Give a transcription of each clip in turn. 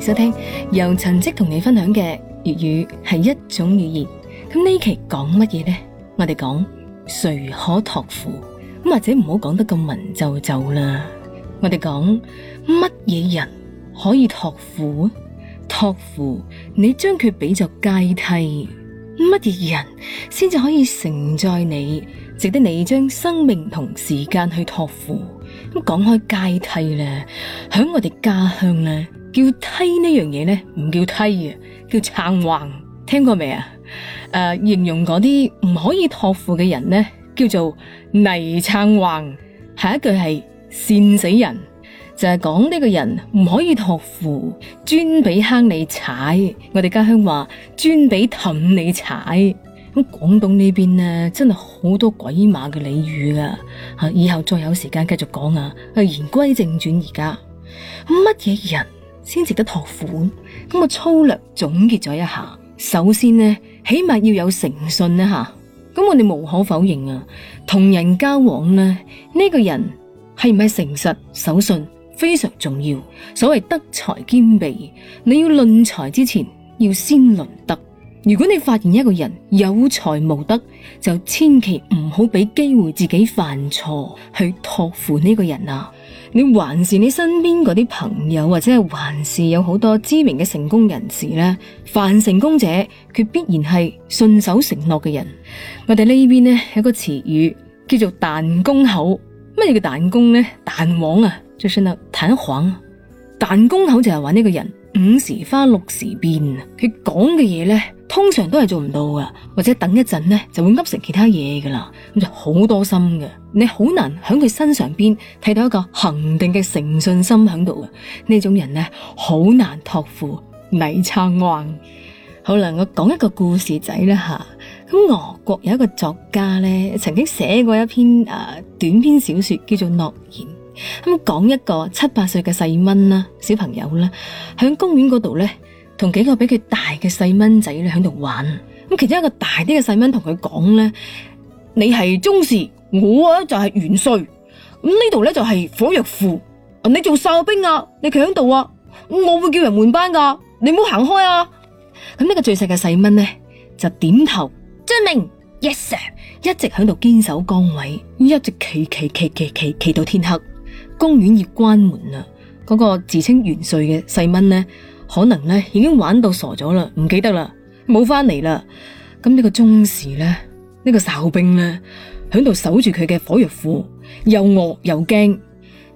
收聽由陳積同你分享嘅。粵語係一種語言，咁呢期講乜嘢呢？我哋講誰可託付？咁或者唔好講得咁文縐縐啦。我哋講乜嘢人可以托付？託付，你將佢比作階梯，乜嘢人先至可以承載你？值得你將生命同時間去託付？咁講開階梯咧，響我哋家鄉咧。叫梯呢樣嘢呢？唔叫梯嘅，叫撐橫。聽過未啊？誒、呃，形容嗰啲唔可以托付嘅人呢，叫做泥撐橫。下一句係善死人，就係講呢個人唔可以托付，專俾坑你踩。我哋家鄉話專俾氹你踩。咁廣東呢邊呢，真係好多鬼馬嘅俚語啊！吓，以後再有時間繼續講啊。啊，言歸正傳，而家乜嘢人？先值得托付。咁我粗略總結咗一下。首先呢，起碼要有誠信呢吓。咁我哋無可否認啊，同人交往呢，呢個人係唔係誠實守信非常重要。所謂德才兼備，你要論才之前要先論德。如果你發現一個人有才無德，就千祈唔好俾機會自己犯錯去託付呢個人啊！你還是你身邊嗰啲朋友，或者係還是有好多知名嘅成功人士咧？凡成功者，佢必然係信守承諾嘅人。我哋呢邊呢，有個詞語叫做彈弓口，乜嘢叫彈弓呢？彈簧啊，就算啦，彈簧。彈弓口就係話呢個人五時花，六時變，佢講嘅嘢呢，通常都係做唔到噶，或者等一陣呢就會噏成其他嘢噶啦，咁就好多心嘅，你好難喺佢身上邊睇到一個恒定嘅誠信心喺度嘅。呢種人呢，難好難託付。倪滄安，好啦，我講一個故事仔啦吓，咁、啊、俄國有一個作家呢，曾經寫過一篇誒、啊、短篇小說叫做《諾言》啊，咁講一個七八歲嘅細蚊啦，小朋友啦，喺公園嗰度呢。同幾個比佢大嘅細蚊仔咧喺度玩，咁其中一個大啲嘅細蚊同佢講咧：，你係中士，我啊就係元帥，咁呢度咧就係火藥庫，你做哨兵啊，你企喺度啊，我會叫人換班噶，你唔好行開啊！咁呢個最細嘅細蚊咧就點頭遵命，yes sir，一直喺度堅守崗位，一直企企企企企企到天黑，公園要關門啦、啊。嗰、那個自稱元帥嘅細蚊咧。可能咧已經玩到傻咗啦，唔記得啦，冇翻嚟啦。咁呢個中士咧，呢個哨兵咧，喺度守住佢嘅火藥庫，又餓又驚。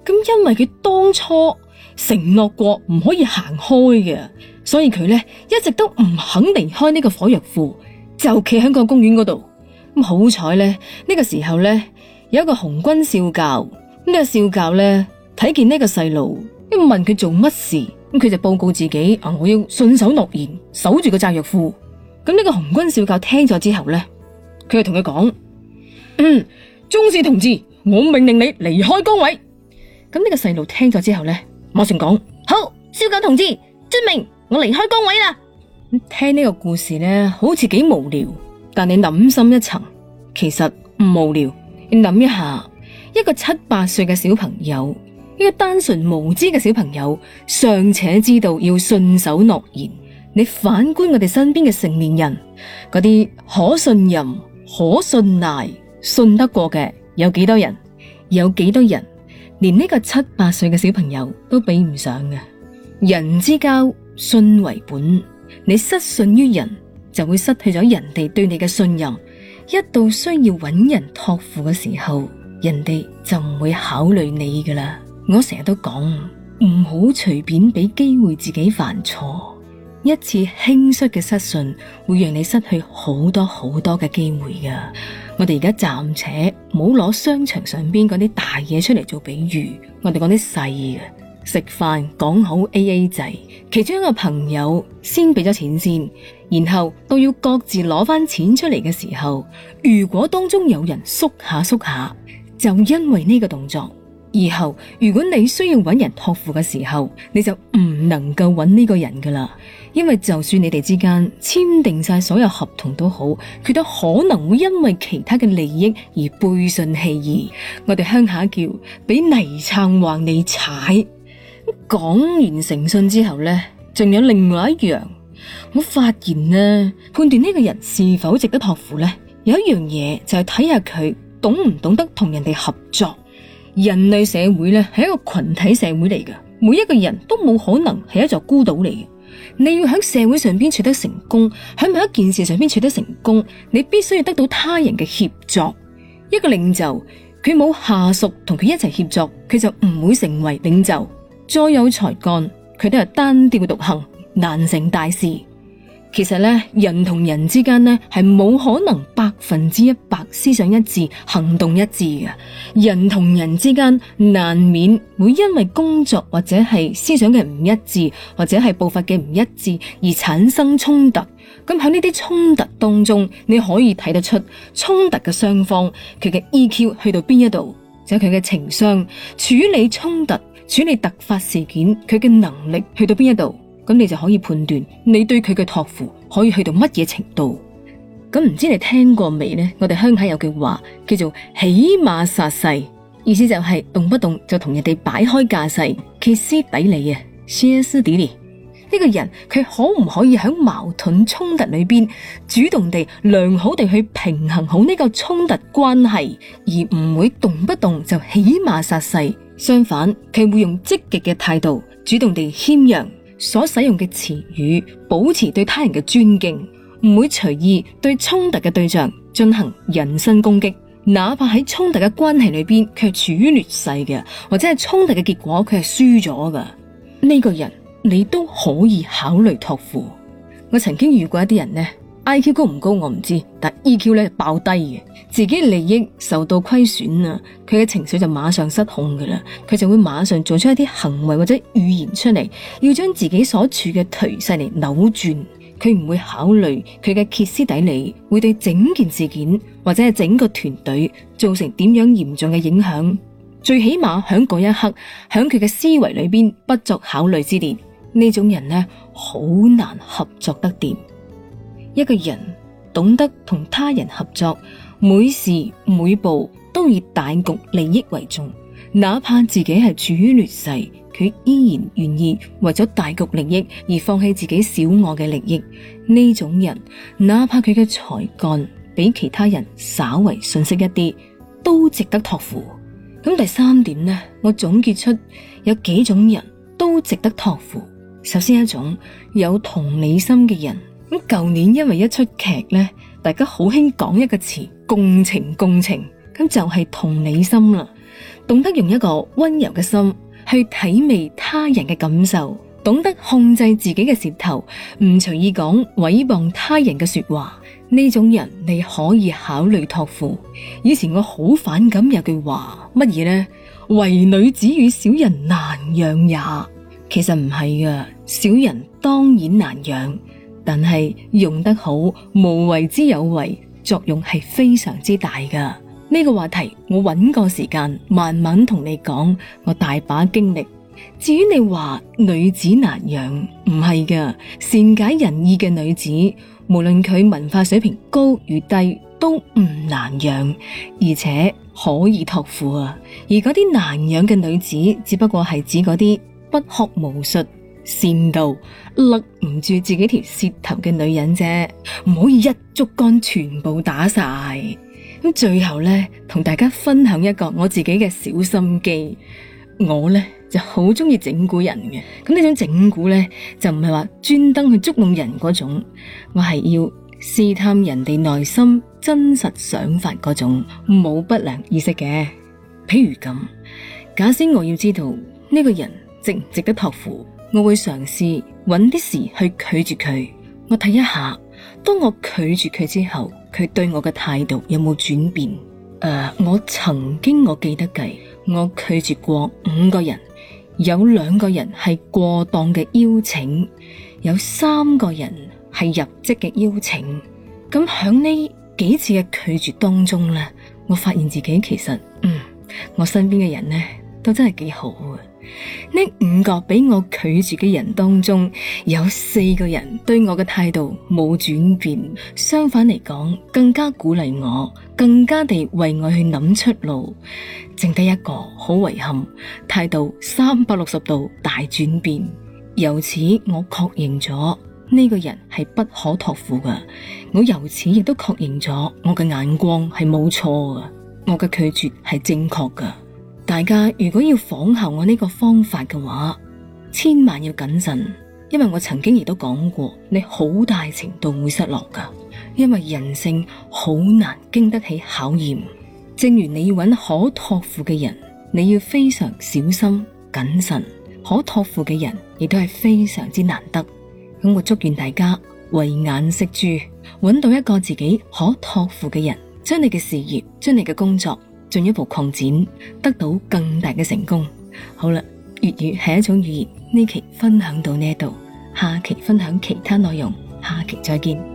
咁因為佢當初承諾過唔可以行開嘅，所以佢咧一直都唔肯離開呢個火藥庫，就企喺個公園嗰度。咁好彩咧，呢個時候咧有一個紅軍少校，呢個少校咧睇見呢個細路，一問佢做乜事。佢就報告自己啊，我要信守諾言，守住個炸藥庫。咁呢個紅軍少校聽咗之後呢，佢就同佢講：嗯，中士同志，我命令你離開崗位。咁呢個細路聽咗之後呢，馬上講：好，少校同志，遵命，我離，我離開崗位啦。聽呢個故事呢，好似幾無聊，但你諗深一層，其實唔無聊。你諗一下，一個七八歲嘅小朋友。呢個單純無知嘅小朋友尚且知道要信守諾言，你反觀我哋身邊嘅成年人，嗰啲可信任、可信賴、信得過嘅有幾多人？有幾多人連呢個七八歲嘅小朋友都比唔上嘅？人之交，信為本，你失信於人，就會失去咗人哋對你嘅信任。一到需要揾人托付嘅時候，人哋就唔會考慮你㗎喇。我成日都講，唔好隨便俾機會自己犯錯，一次輕率嘅失信會讓你失去好多好多嘅機會噶。我哋而家暫且冇攞商場上邊嗰啲大嘢出嚟做比喻，我哋講啲細嘅食飯講好 AA 制，其中一個朋友先俾咗錢先，然後到要各自攞翻錢出嚟嘅時候，如果當中有人縮下縮下，就因為呢個動作。以後如果你需要揾人托付嘅時候，你就唔能夠揾呢個人噶啦，因為就算你哋之間簽訂晒所有合同都好，佢都可能會因為其他嘅利益而背信棄義。我哋鄉下叫畀泥撐還你踩。咁講完誠信之後呢，仲有另外一樣，我發現呢，判斷呢個人是否值得托付呢？有一樣嘢就係睇下佢懂唔懂得同人哋合作。人類社會咧係一個群體社會嚟嘅，每一個人都冇可能係一座孤島嚟嘅。你要喺社會上邊取得成功，喺某一件事上邊取得成功，你必須要得到他人嘅協助。一個領袖，佢冇下屬同佢一齊協助，佢就唔會成為領袖。再有才幹，佢都係單調獨行，難成大事。其實咧，人同人之間呢係冇可能百分之一百思想一致、行動一致嘅。人同人之間難免會因為工作或者係思想嘅唔一致，或者係步伐嘅唔一致而產生衝突。咁喺呢啲衝突當中，你可以睇得出衝突嘅雙方佢嘅 EQ 去到邊一度，就佢嘅情商處理衝突、處理突發事件佢嘅能力去到邊一度。咁你就可以判斷你對佢嘅託付可以去到乜嘢程度。咁唔知你聽過未呢？我哋鄉下有句話叫做起馬殺勢，意思就係動不動就同人哋擺開架勢，歇斯底里啊，歇斯底里呢個人佢可唔可以響矛盾衝突裏邊主動地良好地去平衡好呢個衝突關係，而唔會動不動就起馬殺勢？相反，佢會用積極嘅態度主動地謙讓。所使用嘅詞語，保持對他人嘅尊敬，唔會隨意對衝突嘅對象進行人身攻擊。哪怕喺衝突嘅關係裏邊，卻處於劣勢嘅，或者係衝突嘅結果，佢係輸咗㗎，呢個人你都可以考慮託付。我曾經遇過一啲人呢。IQ 高唔高我唔知，但 EQ 咧爆低嘅，自己利益受到虧損啊，佢嘅情緒就馬上失控噶啦，佢就會馬上做出一啲行為或者語言出嚟，要將自己所處嘅頹勢嚟扭轉。佢唔會考慮佢嘅歇斯底里會對整件事件或者係整個團隊造成點樣嚴重嘅影響。最起碼響嗰一刻，響佢嘅思維裏邊不作考慮之列，呢種人咧好難合作得掂。一個人懂得同他人合作，每事每步都以大局利益為重，哪怕自己係處於劣勢，佢依然願意為咗大局利益而放棄自己小我嘅利益。呢種人，哪怕佢嘅才幹比其他人稍為遜色一啲，都值得托付。咁第三點呢，我總結出有幾種人都值得托付。首先一種有同理心嘅人。舊年因為一出劇呢，大家好興講一個詞，共情共情，咁就係同理心啦。懂得用一個溫柔嘅心去體味他人嘅感受，懂得控制自己嘅舌頭，唔隨意講誹謗他人嘅說話，呢種人你可以考慮托付。以前我好反感有句話，乜嘢呢？為女子與小人難養也，其實唔係㗎，小人當然難養。但係用得好，無為之有為，作用係非常之大噶。呢個話題我揾個時間慢慢同你講，我大把經歷。至於你話女子難養，唔係噶，善解人意嘅女子，無論佢文化水平高與低，都唔難養，而且可以托付啊。而嗰啲難養嘅女子，只不過係指嗰啲不學無術。善到勒唔住自己條舌頭嘅女人啫，唔可以一竹竿全部打晒。咁最後呢，同大家分享一個我自己嘅小心機。我呢就好中意整蠱人嘅。咁呢種整蠱呢，就唔係話專登去捉弄人嗰種，我係要試探人哋內心真實想法嗰種，冇不良意識嘅。譬如咁，假使我要知道呢、這個人值唔值得托付。我會嘗試揾啲事去拒絕佢，我睇一下，當我拒絕佢之後，佢對我嘅態度有冇轉變？誒，uh，我曾經我記得計，我拒絕過五個人，有兩個人係過檔嘅邀請，有三個人係入職嘅邀請。咁響呢幾次嘅拒絕當中呢，我發現自己其實，嗯，我身邊嘅人呢。都真係幾好啊！呢五個俾我拒絕嘅人當中，有四個人對我嘅態度冇轉變，相反嚟講，更加鼓勵我，更加地為我去諗出路。剩低一個好遺憾，態度三百六十度大轉變。由此我確認咗呢個人係不可託付噶。我由此亦都確認咗我嘅眼光係冇錯噶，我嘅拒絕係正確噶。大家如果要仿效我呢個方法嘅話，千萬要謹慎，因為我曾經亦都講過，你好大程度會失落噶，因為人性好難經得起考驗。正如你要搵可託付嘅人，你要非常小心謹慎。可託付嘅人亦都係非常之難得。咁我祝願大家慧眼識珠，搵到一個自己可託付嘅人，將你嘅事業，將你嘅工作。進一步擴展，得到更大嘅成功。好啦，粵語係一種語言，呢期分享到呢度，下期分享其他內容，下期再見。